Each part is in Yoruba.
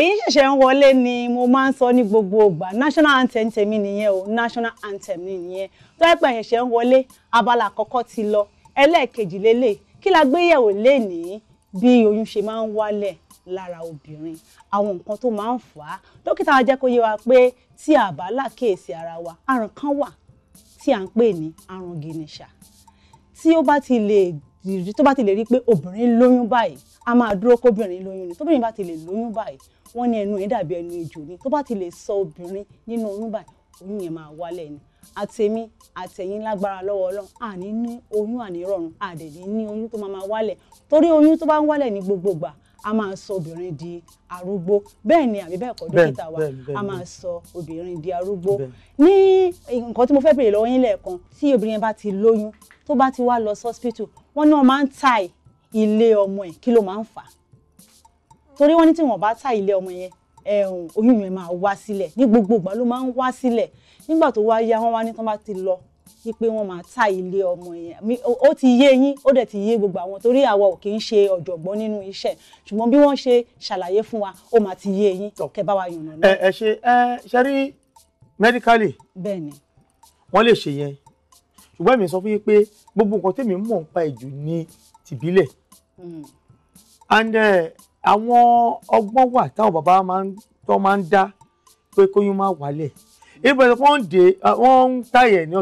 ẹ̀yin ṣẹ̀ṣẹ̀ ń wọlé ni mo máa ń sọ ní gbogbo ìgbà national anthem tèmi nìyẹn o national anthem nìyẹn tó yẹ pé ẹ̀ṣẹ̀ ń wọlé abala àkọ́kọ́ ti lọ ẹlẹ́ẹ̀kejì lélẹ̀ kí la gbé yẹ̀wò lénìí bí oyún ṣe máa ń wálẹ̀ lára obìnrin àwọn nǹkan tó máa ń fà á dókítà wa jẹ́ kó yé wa pé tí a bá lákèésí ara wa àrùn kan wà tí à ń pè ní àrùn gìnìṣà tí ó bá ti lè rí pé obìnrin lóyún báyìí a máa dúró kóbìnrin lóyún ni tóbìnrin bá ti lè lóyún báyìí wọ́n ní ẹnu ẹ̀ dàbí ẹnu ejò ni tó bá ti lè sọ obìnrin nínú oyún báyìí oyún yẹn máa wálẹ̀ ni àtẹ̀mí àtẹ̀yìn lágbára lọ́wọ́ ọlọ́run àní ní oyún ànírọ̀rùn àdẹ̀ní ní oyún tó máa máa wálẹ̀ torí oyún tó bá ń wálẹ̀ ní gbogbogbà a máa sọ obìnrin di arúgbó bẹ́ẹ̀ ni àbí bẹ́ẹ̀ kọ́ dókítà wa a máa sọ obìnrin di arúgbó ní nǹkan tí mo fẹ́ béèrè lọ́wọ́ yín lẹ́ẹ̀kan tí obìnrin bá ti lóyún tó bá ti wá lọ sọ́spítù wọ́n ní wọ́n máa ń tie ilé ọmọ ẹ̀ kí ló máa ń fà á torí wọ́n ní tí wọ́n bá ta ilé ọmọ yẹn ẹ̀hún oyún yẹn máa wá sílẹ̀ ní gbogbo ìgbà ló máa ń wá sílẹ̀ nígbà tó wá yá wọ́n wá ní tán bá ti lọ wípé wọ́n máa ta ilé ọmọ yẹn ó ti yé yín ó dẹ̀ ti yé gbogbo àwọn torí àwa ò kì í ṣe ọ̀jọ̀gbọ́n nínú iṣẹ́ ṣùgbọ́n bí wọ́n ṣe ṣàlàyé fún wa ó máa ti yé yín kẹ́ bá wa yànnà náà. ẹ ẹ ṣe ẹ ṣe rí mẹdíkálì. bẹ́ẹ̀ni. wọ́n lè ṣe yẹn ṣùgbọ́n mi sọ fún yín pé gbogbo nǹkan tèmi mọ̀ ń pa ìjù ní tìbílẹ̀ and eh, àwọn ọgbọ́n wà táwọn bàbá tó máa ń dá pé kóyún máa wálẹ̀ ibẹ̀ tí wọ́n ń dé wọ́n ń táyẹ̀ ní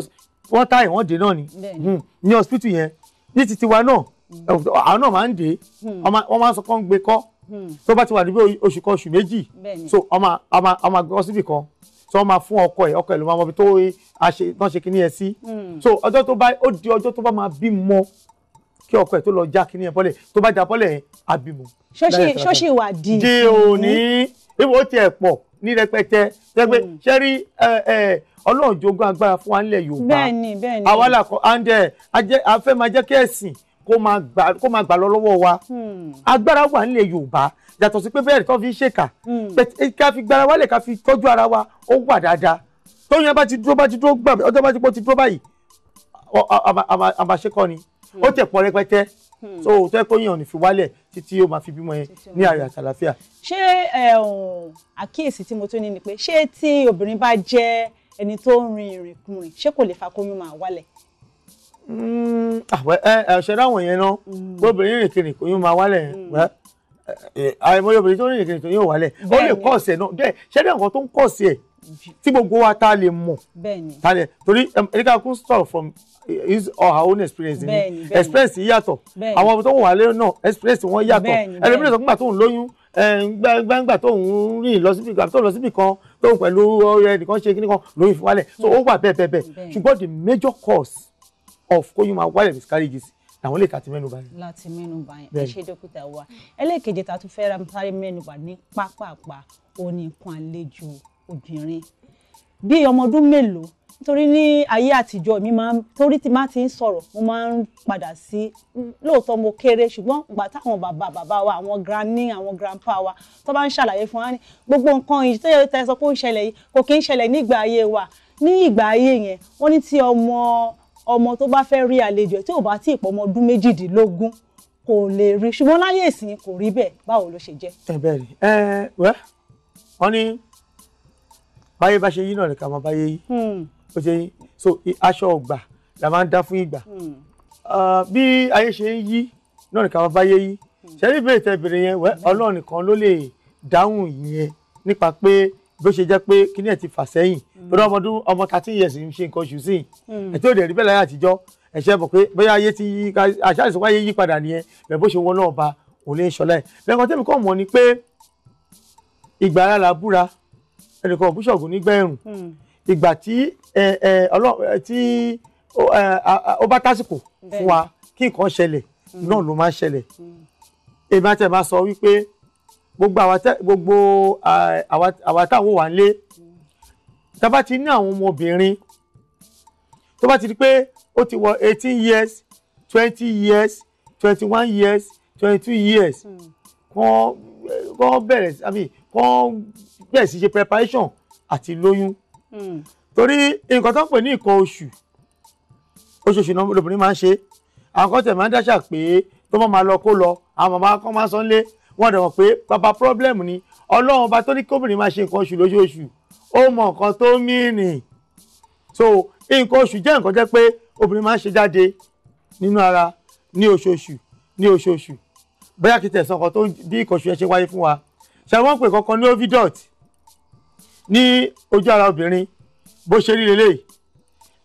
wọ́n táyẹ̀ wọ́n dé náà ni hmm. ní hospital yẹn ní titi wa náà hmm. àwọn náà máa ń dé hmm. wọ́n máa ń sọ kán gbé kọ́ tó bá ti wà níbi oṣù kan oṣù méjì so ọmọ àgbẹ̀kọ́ síbì kan tí wọ́n máa fún ọkọ ẹ̀ ọkọ ẹ̀ ló máa mọ ibi tó wọ́n ṣe kí ni ẹ sí so ọjọ́ tó bá ó di ọjọ́ tó bá máa bímọ kí ọkọ ẹ̀ tó lọ já kíní ẹ̀ bọ́lẹ̀ tó bá já bọ́lẹ̀ yẹn abimu. ṣọ́ọ̀ṣì wà di. di òní ìwọ tiẹ̀ pọ̀ ní rẹpẹtẹ rẹpẹ mm. ṣẹ́rí ọlọ́run jogún agbára fún wa nílẹ̀ Yorùbá bẹ́ẹ̀ni bẹ́ẹ̀ni àwa làkọ àndẹ afẹ́ máa jẹ́ kí ẹ̀sìn kó máa gbà lọ lọ́wọ́ wa hmm. agbára wà nílẹ̀ Yorùbá yàtọ̀ sí pé bẹ́ẹ̀ tó fi ń ṣèkà hmm. ká fi gbára wálẹ̀ ká fi tọ́jú ara wa ó wà dáadáa tóyún bá ti dúró bá ti dúró gbà ọjọ́ bá ti pọ̀ ti dúró báyìí àmàṣekọ ni ó hmm. tẹ̀ pọ̀ rẹpẹtẹ hmm. so o yẹ kó yàn ní fi wálẹ̀ títí ó máa fi bímọ yẹn ní àyè àtàlàfíà. ṣé eh, um, àkíyèsí tí mo tún ní ni pé ṣé tí obìnrin bá jẹ́ ẹni tó ń rin ìrìnkúrìn ṣé kò lè fa kóyún máa wálẹ̀ àṣẹdá hmm, ah, eh, eh, àwọn yẹn náà gbóbìnrin rìn kiri kò yún máa wálẹ̀ àìmọye obìnrin tó rìn kiri tó yún wálẹ̀ ó lè kọ́ ọ̀sẹ̀ náà bẹ́ẹ̀ ṣẹ́dá nǹkan tó ń kọ́ ọ̀sẹ̀ ẹ̀ tí gbogbo wa ta lè mọ̀ ta lè torí erika kun sọ̀rọ̀ from Is or her own experience ni experience yàtọ̀ àwọn ọmọ tó wà lẹ́yìn náà experience wọn yàtọ̀ ẹlòmíràn sọ pé tó ń lóyún gbangba tó ń rìn lọ síbi kan tó lọ síbi kan tó ń pẹ̀lú ọ̀rẹ́ nìkan ṣe kíní kan lóyún fún wálẹ̀ so ó wà bẹ́ẹ̀ bẹ́ẹ̀ bẹ́ẹ̀ ṣùgbọ́n the major cause of kóyún máa wálẹ̀ miscarriages làwọn lè ta ti mẹ́nuba yẹn. láti mẹ́nuba yẹn ẹ ṣe dókítà wa ẹlẹ́ẹ̀kejì ta tún fẹ́ ra sáré mẹ́nuba ní pápápá ó ní nǹkan àlejò obìnrin bí ọmọ ọdún mélòó nítorí ní ayé àtijọ́ mi máa torí tí má ti ń sọ̀rọ̀ mo máa ń padà sí lóòótọ́ mo kéré ṣùgbọ́n ìgbà táwọn bàbá bàbá wa àwọn granny àwọn grandpa wa tó bá ń ṣàlàyé fún wa ní gbogbo nǹkan yìí tó yẹ tẹ́ sọ pé ó ń ṣẹlẹ̀ yìí kò kí ń ṣẹlẹ̀ nígbà ayé wa ní ìgbà ayé yẹn wọ́n ní tí ọmọ ọmọ tó bá fẹ́ rí àlejò tí ò bá tí ì pọ̀ ọmọ ọdún méjìdínlógún kò lè rí ṣùgbọ́n láyé ìsìn kò rí bẹ́ẹ̀ báwo ló ṣe jẹ́. ẹ bẹ́ẹ̀ ni ẹ wẹ́ wọ́n ní báyé bá ṣe yí náà nìkan máa báyé yí hmm. ó ṣe yí so aṣọ ọgbà la máa ń dá fún ìgbà hmm. ah, bí ayé ṣe ń yí náà nìkan máa báyé yí hmm. ṣẹ́rí ìbéèrè tẹ ìbéèrè yẹn ọlọ́run nìkan ló lè dáhùn yẹn nípa pé bó ṣe jẹ́ pé kíní ẹ̀ ti fà sẹ́yìn bóyá ọmọdún ọmọ thirteen years ń ṣe nǹkan oṣù sí ẹ̀ tí ò dẹ̀ rí bẹ́ẹ̀ láyé àtijọ́ ẹ̀ ṣe mọ̀ pé bóyá ayé ti yí àṣà ìsìnkú ayé yí padà nìyẹn bẹ̀ bó ṣe wọ́n náà ba òun lè ń ṣọlá ẹ̀ lẹ́kọ̀ọ́ tẹ́mi kọ́ mọ̀ ni pé ìgbà ara là ẹnìkan òbí ṣọ̀gùn nígbà ẹ̀rùn hmm. ìgbà tí ó bá tásìkò fún wa kí nǹkan ṣẹlẹ̀ hmm. náà ló máa ń ṣẹlẹ̀ hmm. èmi àti ẹ̀ máa sọ wípé gbogbo àwa táwọn wà lé tá bá ti ní àwọn ọmọbìnrin tó bá ti di pé ó ti wọ eighteen years twenty years twenty one years twenty two years kàn bẹ̀rẹ̀ I mean kán bẹ̀rẹ̀ sí ṣe preparation àti lóyún hmm. torí nǹkan tó ń pè ní nǹkan oṣù oṣooṣù náà lóbìnrin máa ń ṣe àwọn kan tẹ̀ máa ń dáṣà pé tó máa máa lọ kó lọ àwọn màmá kan máa ń sanlé wọ́n dẹ̀ mọ̀ pé bàbá problem ni ọlọ́run ọba tó ní kóbìnrin máa ṣe nǹkan oṣù lóṣooṣù ó mọ nǹkan tó mìíní so nǹkan oṣù jẹ́ nǹkan jẹ́ pé obìnrin máa ń ṣe jáde nínú ara ní oṣooṣù ní oṣooṣù bóyá kí tẹ̀sán kan tó bí nǹkan oṣù ṣe wáyé fún wa ṣe wọ́n pè kankan ní ovidot ní ojú ara obìnrin bó ṣe rí lélẹ̀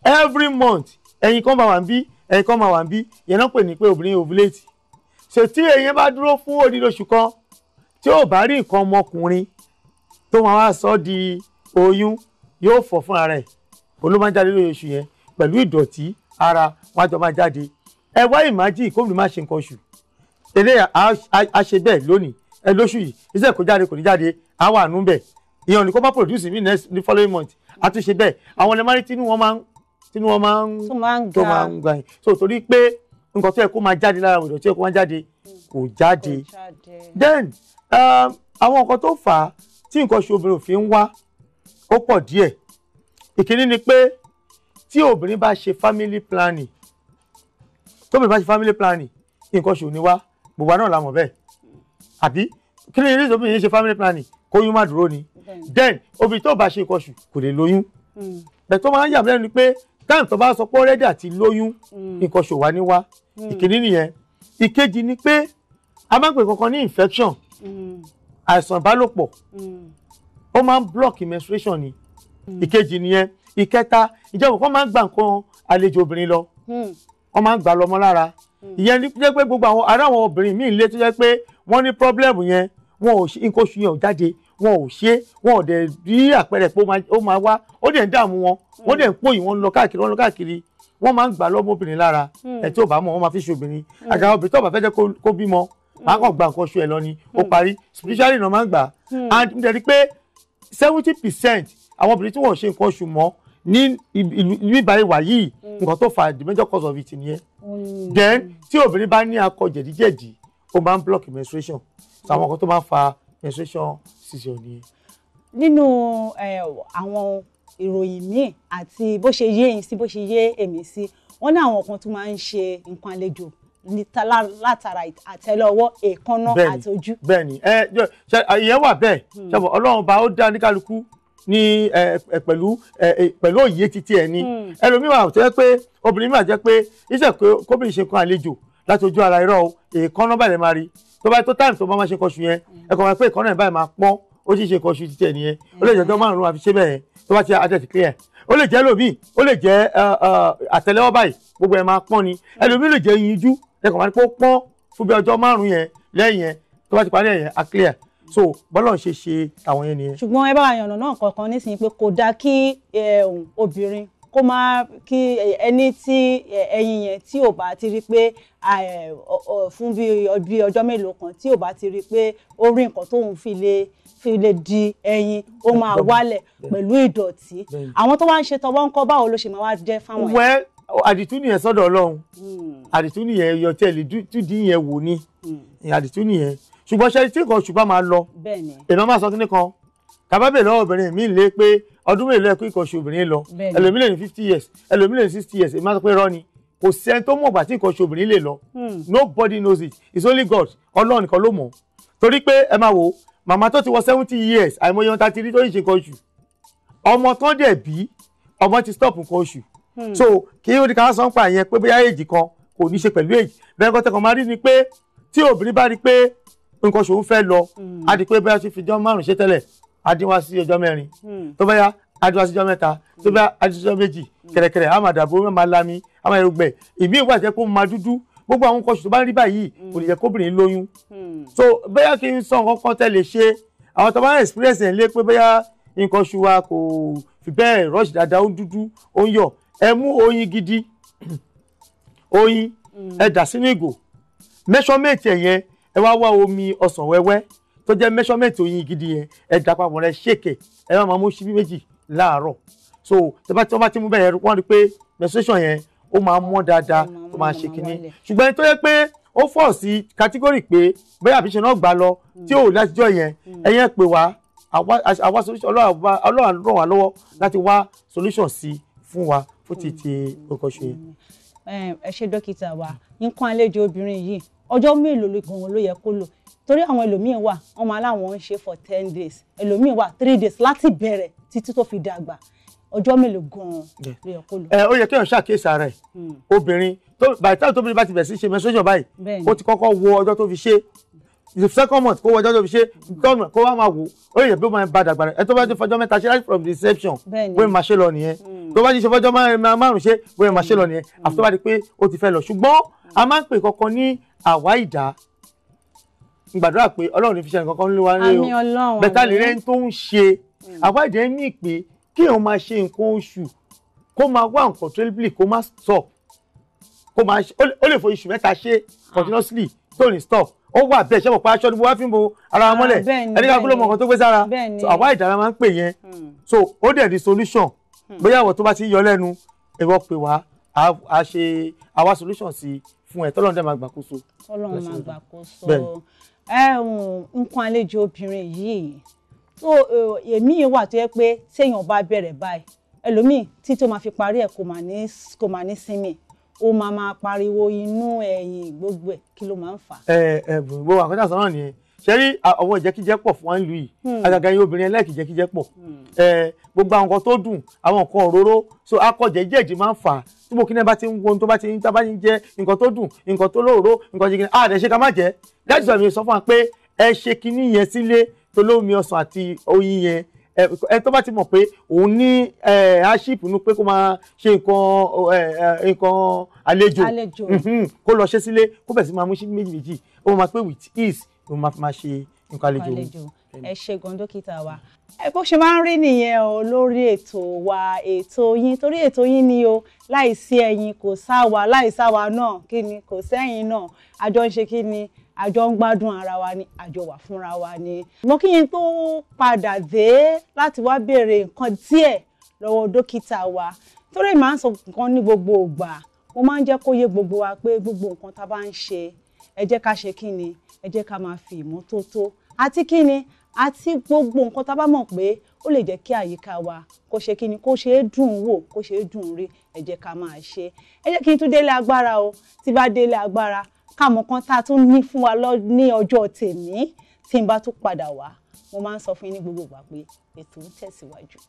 every month ẹyin kan máa wà ń bí ẹyin kan máa wà ń bí yẹn náà pè ní pé obìnrin ovulate ṣe tí ẹyin bá dúró fún odidi oṣù kan tí ò bá rí nǹkan ọmọkùnrin tó máa wá sọ di oyún yóò fọ̀ fúnra rẹ̀ olómájáde lóye oṣù yẹn pẹ̀lú ìdọ̀tí ara wọn àjọ máa jáde ẹ wá ìmájì kóbìnrin má ṣe nǹkan oṣù eré àṣe bẹ́ẹ̀ lónìí ẹ lóṣù yìí iṣẹ́ kò jáde kò ní jáde á wà nú bẹ̀ ìyẹn ní kó má produce mi next ní following month a tún ṣe bẹ́ẹ̀ àwọn ẹlẹ́mọ́rí tínú wọn máa ń tó máa ń gbà yín so torí pé nǹkan tó yẹ kó máa jáde lára òdò tó máa jáde kò jáde then um, àwọn nǹkan tó fà á tí nǹkan ṣe obìnrin òfin ń wá ó pọ̀ díẹ̀ ìkíní ni pé tí obìnrin bá ṣe family planning tóbìnrin bá ṣe family planning nǹkan ṣe ò ní wá gbogbo àná làmọ̀ bẹ́ẹ̀ àbí kí ni reason bí yẹn ṣe family planning kóyún má dúró ni then obì tó bá ṣe nǹkan oṣù kò lè lóyún hmm. bẹ́ẹ̀ tó máa ń yà mí lẹ́nu pé táwọn tó bá sọ pé ọ̀rẹ́dì àti lóyún nǹkan oṣù wà ní hmm. ìkíní nìyẹn ìkejì ni pé a máa ń pè kankan ní infection hmm. àìsàn ìbálòpọ̀ ó máa ń block menstruation ni ìkejì nìyẹn ìkẹta ìjọba kan máa ń gba nǹkan àlejò obìnrin lọ wọ́n máa ń gbà lọ́mọ lára ìyẹn ní pé gbogbo àwọn ará àwọn obìnrin míì lé tó jẹ́ pé wọ́n ní problem yẹn wọn ò ṣe nǹkan oṣù yẹn ò jáde wọn ò ṣe wọn ò dẹ̀ rí àpẹẹrẹ pé ó máa wá ó dẹ̀ ń dààmú wọn hmm. wọ́n dẹ̀ ń pòyìn wọn lọ káàkiri wọn lọ káàkiri wọ́n máa ń gbà lọ́mọbìnrin lára hmm. ẹ̀ tí ò bá mọ̀ wọ́n máa fi ṣòbìnrin hmm. àgàwọ̀ obìnrin tó bá fẹ́ jẹ́ kó bímọ máa kàn gba nǹkan oṣù ẹ̀ lọ ni ó parí spiritually náà máa ń gbà and mo dẹ̀ rí pé seventy percent àwọn obìnrin tí wọ́n ṣe nǹkan oṣù mọ́ ní ìlú ìbáríwá yìí nǹkan tó fa the major cause of it nìyẹn then tí obìnrin bá ní akọ jẹ̀díjẹ̀dí ó máa ń block menstruation so àwọn kan tó máa ń fa menstruation season nìyẹn. nínú àwọn ìròyìn míì àti bó ṣe yé yín sí bó ṣe yé èmi sí wọn ní àwọn kan tó máa ń ṣe nǹkan àlejò látara àtẹ́lẹwọ́ èékánná àti ojú. bẹ́ẹ̀ni ẹ ṣe ìyẹn wà bẹ́ẹ̀ hmm. ṣàbọ Ọlọ́run bá ó dá oníkálukú ní pẹ̀lú pẹ̀lú òye títí ẹ ní hmm. ẹlòmíràn tó yẹ pé obìnrin mìíràn jẹ́ pé iṣẹ́ kóbìnrin ṣe kan àlejò láti ojú ara irọ́ o èèkánná báyìí máa rí tó bá tó táìmù tó bá máa ṣe kọṣù yẹn ẹ kàn máa pé èèkánná ẹ̀ báyìí máa pọ́n ó sì ṣe kọṣù títẹ̀ nìyẹn ó lè jẹ́ ọjọ́ márùn-ún ló máa fi ṣe tó bá ti adẹ́tì clear ó lè jẹ́ lómi ó lè jẹ́ àtẹ́lẹwọ́ báyìí gbogbo ẹ̀ máa pọ́n ni ẹlòmíì lè jẹ́ yinjú ẹ kàn máa pọ́ pọ́n fún bí ọjọ́ márùn-ún yẹn lẹ́yìn yẹn clear so bọ́lọ̀ ṣe ṣe àwọn yẹn nìyẹn. ṣùgbọ́n ẹ bá àyànnà náà kọ̀ọ̀kan nísìnyí pé kò dáa kí obìnrin kó má kí ẹni tí ẹyin yẹn tí ò bá ti rí pé fún bí ọjọ́ mélòó kan tí ò bá ti rí pé ó rí nǹkan tóun fi lè fi lè di ẹyin ó máa wálẹ̀ pẹ̀lú ìdọ̀tí àwọn tó wá ń ṣe tọwọ́ ńkọ́ báwo ló ṣe máa wá jẹ́ fáwọn ẹ̀ àdìtú nìyẹn sọ́dọ̀ Ọlọ́run hmm. àdìtú nìyẹn yọ tẹlẹ dídí yẹn wò ni hmm. àdìtú nìyẹn ṣùgbọ́n ṣe tí nǹkan ṣùgbọ́n máa lọ èèyàn máa sọ kí nìkan kábàbẹ̀ lọ́wọ́ obìnrin mi ọdún mélòó ẹ̀kọ́ ìkọ̀ṣe obìnrin lọ ẹlòmí lè ní fifty years ẹlòmí lè ní sixty years èmi á sọ pé rọ́ọ̀ni kò sẹ́ni tó mọ̀ bàtí ìkọ̀ṣe obìnrin lè lọ hmm. nobody knows it it's only God ọlọ́run nìkan ló mọ̀ torí pé ẹ máa wo màmá tó ti wọ seventy years àìmọye ohun tá a ti rí tó yìí ṣe nǹkan oṣù ọmọ tán dẹ̀ bí ọmọ ti stop nǹkan oṣù hmm. so kí ó di ká sọ ń pa yẹn pé bóyá èjì kan kò ní ṣe pẹ̀lú èjì bẹ́ẹ̀ kọ́ tẹkọ̀ máa rí ni pé tí obìnrin bá rí pé nǹkan oṣù ń fẹ́ lọ hmm. á di pé bóyá ṣe fi jọ́ márùn-ún ṣe tẹ́lẹ̀ adínwá sí ọjọ́ mẹ́rin hmm. tó bá yá adínwá sí ọjọ́ mẹ́ta tó bá yá adínwá sí ọjọ́ méjì hmm. kẹ̀rẹ̀kẹ̀rẹ̀ á máa dàbò ó máa lami á máa rògbẹ̀ ìmí ìwà jẹ́ kó máa dúdú gbogbo àwọn nǹkan oṣù tó bá ń rí báyìí hmm. kò lè jẹ́ kóbìnrin lóyún so bóyá kí n sọ nǹkan kan tẹ́ lè ṣe àwọn tó bá ń experience ẹ̀ lé pé bóyá nǹkan oṣù wa kò fi bẹ́ẹ̀ rush dáadáa ó dúdú ó ń yọ̀ ẹ mú oyin gidi oyin ẹ dà sínú ìgò measurement ẹ̀ ẹ wá wá omi ọsàn wẹ́wẹ́ tó jẹ́ measurement oyin gidi yẹn ẹ dà papọ̀ rẹ ṣèkè ẹ má máa mú ṣíbí méjì láàárọ̀ so tẹ́bá tí wọ́n bá ti mú bẹ́ẹ̀ wọ́n rí pé menstruation yẹn ó máa mọ́ dáadáa ó máa ṣe kínní ṣùgbọ́n tó yẹ pé ó fọ̀ sí category pé bẹ́ẹ̀ àbíṣe náà gbà lọ tí ò hmm. látijọ́ yẹn hmm. ẹ̀yẹn pè wá àwa solution ọlọ́run ràn wá lọ́wọ́ láti wá solution sí fún wa fún ti ti hmm. kókó ṣe. ẹ ṣe dókítà wa nǹkan àlejò obìnrin yìí ọjọ́ mélòó ló yẹ kó lò torí àwọn ẹlòmíín wà wọn máa láwọn ń ṣe for ten days ẹlòmíín wà three days láti bẹ̀rẹ̀ títí tó fi dàgbà ọjọ́ mélòó gan-an ló yẹ kó lọ. ẹ ó yẹ kí ọ̀hún ṣàkíyèsí ara ẹ̀ hmm. obìnrin tó bàtí táwọn tóbi bá ti bẹ̀rẹ̀ sí ṣe menstruation báyìí ó ti kọ́kọ́ wo ọjọ́ tó fi ṣe the second month kó wọ ọjọ́ tó fi ṣe third month kó wá máa wò ó yẹ bí ó máa ń ba dàgbà rẹ̀ ẹ tó bá ti fọjọ́ mẹ́ta ṣe láti from the reception bóyá máa ṣe lọ nìyẹn hmm. tó bá ti ṣe fọjọ́ márùn-ún ṣe bóyá máa ṣe lọ nìyẹn àfi tó bá di pé ó ti fẹ́ lọ ṣùgbọ́n a máa ń pè kọ́kọ́ ní àwáìdá gbàdúrà pé ọlọ́run ní fi ṣe nǹkan kan ló wá rí o bẹ́tà lérè tó ń ṣe mm. àwájẹ ní pé kí èèyàn máa ṣe nǹkan oṣù kó máa wá nǹkan tó lébìlì kó má stop kó máa ó lè fo oṣù mẹ́ta ṣe ah. continuously tó ní stop ó wà bẹ́ẹ̀ ṣé mo pa aṣọ ni mo wá fi ń bo ara wọn ah, mọ́lẹ̀ ẹni ká gbọ́dọ̀ mọ nǹkan tó gbé sára àwa ìdára máa ń pè yẹn mm. so ó dẹ̀ di solution hmm. bóyá àwọn tó bá ti yọ lẹ́nu ẹ̀rọ pè wá a ṣe àwa solution sí fún ẹ̀ tọ́lọ́run dẹ̀ máa gbàkóso. tọ́lọ́run máa gbàkóso nǹkan um, àlejò obìnrin yìí tó èmi yẹn wà tó yẹ pé téèyàn bá bẹ̀rẹ̀ báyìí ẹlòmíì tí tó máa fi parí ẹ̀ kò máa ní sinmi ó máa máa pariwo inú ẹ̀yìn gbogbo ẹ̀ kí ló máa ń fà. ẹ ẹ bò wà kọjá sọ náà nìyẹn ṣẹ́rí àwọn ìjẹkíjẹ pọ̀ fún wa nílùú yìí hmm. àgàgà yín obìnrin ẹlẹ́kìjẹkíjẹ pọ̀ hmm. gbogbo àwọn nǹkan tó dùn àwọn nǹkan òróró so akọ̀jẹ̀ jẹ̀jì máa ń fà á tí bòkínẹ́ bá ti ń wo ohun tó bá ti ń tábà ń jẹ nǹkan tó dùn nǹkan tó lóòró nǹkan jìgìnnì a dẹ̀ ṣe ká má jẹ́ láti sọ̀rọ̀ mi sọ fún wa pé ẹ ṣe kinní yẹn sílé tó lómi ọsàn àti oyin yẹn ẹ tó bá ti mọ̀ pé òun ní hardship nu pé kó máa ṣe nǹkan nǹkan àlejò mhm. kó lọ ṣe sílé kó bẹ̀ sí máa mú sí méjì méjì ó máa pé with ease ló máa fi máa ṣe nǹkan àlejò ẹ ṣe gan dókítà wa ẹ bó ṣe máa ń rí nìyẹn o lórí ètò wa ètò yín torí ètò yín ni o láìsí ẹ̀yin kò sáwa láìsáwa náà kí ni kò sẹ́yìn náà àjọ ń ṣe kí àjọ ń gbádùn ara wa ni àjọ wà fúnra wa ni mo kí yín tó padà dé láti wá béèrè nǹkan díẹ̀ lọ́wọ́ dókítà wa torí màá sọ nǹkan ní gbogbo ìgbà mo máa ń jẹ́ kó yé gbogbo wa pé gbogbo nǹkan tá a bá ń ṣe ẹ jẹ́ ká ṣe kí ni ẹ jẹ́ ká máa fi ìmọ́tótó àti kí ni àti gbogbo nǹkan tá a bá mọ̀ pé ó lè jẹ́ kí àyíká wa kó ṣe kí ni kó ṣe é dùn wò kó ṣe é dùn rí ẹ jẹ́ ká máa ṣe ẹ jẹ́ kí n tún délé agbára o tí bá délé agbára káàmù kan tá a tún ní fún wa ní ọjọ́ tèmí tí n bá tún padà wá mo máa ń sọ fún yín ní gbogbo ìgbà pé ètò ń tẹ̀síwájú.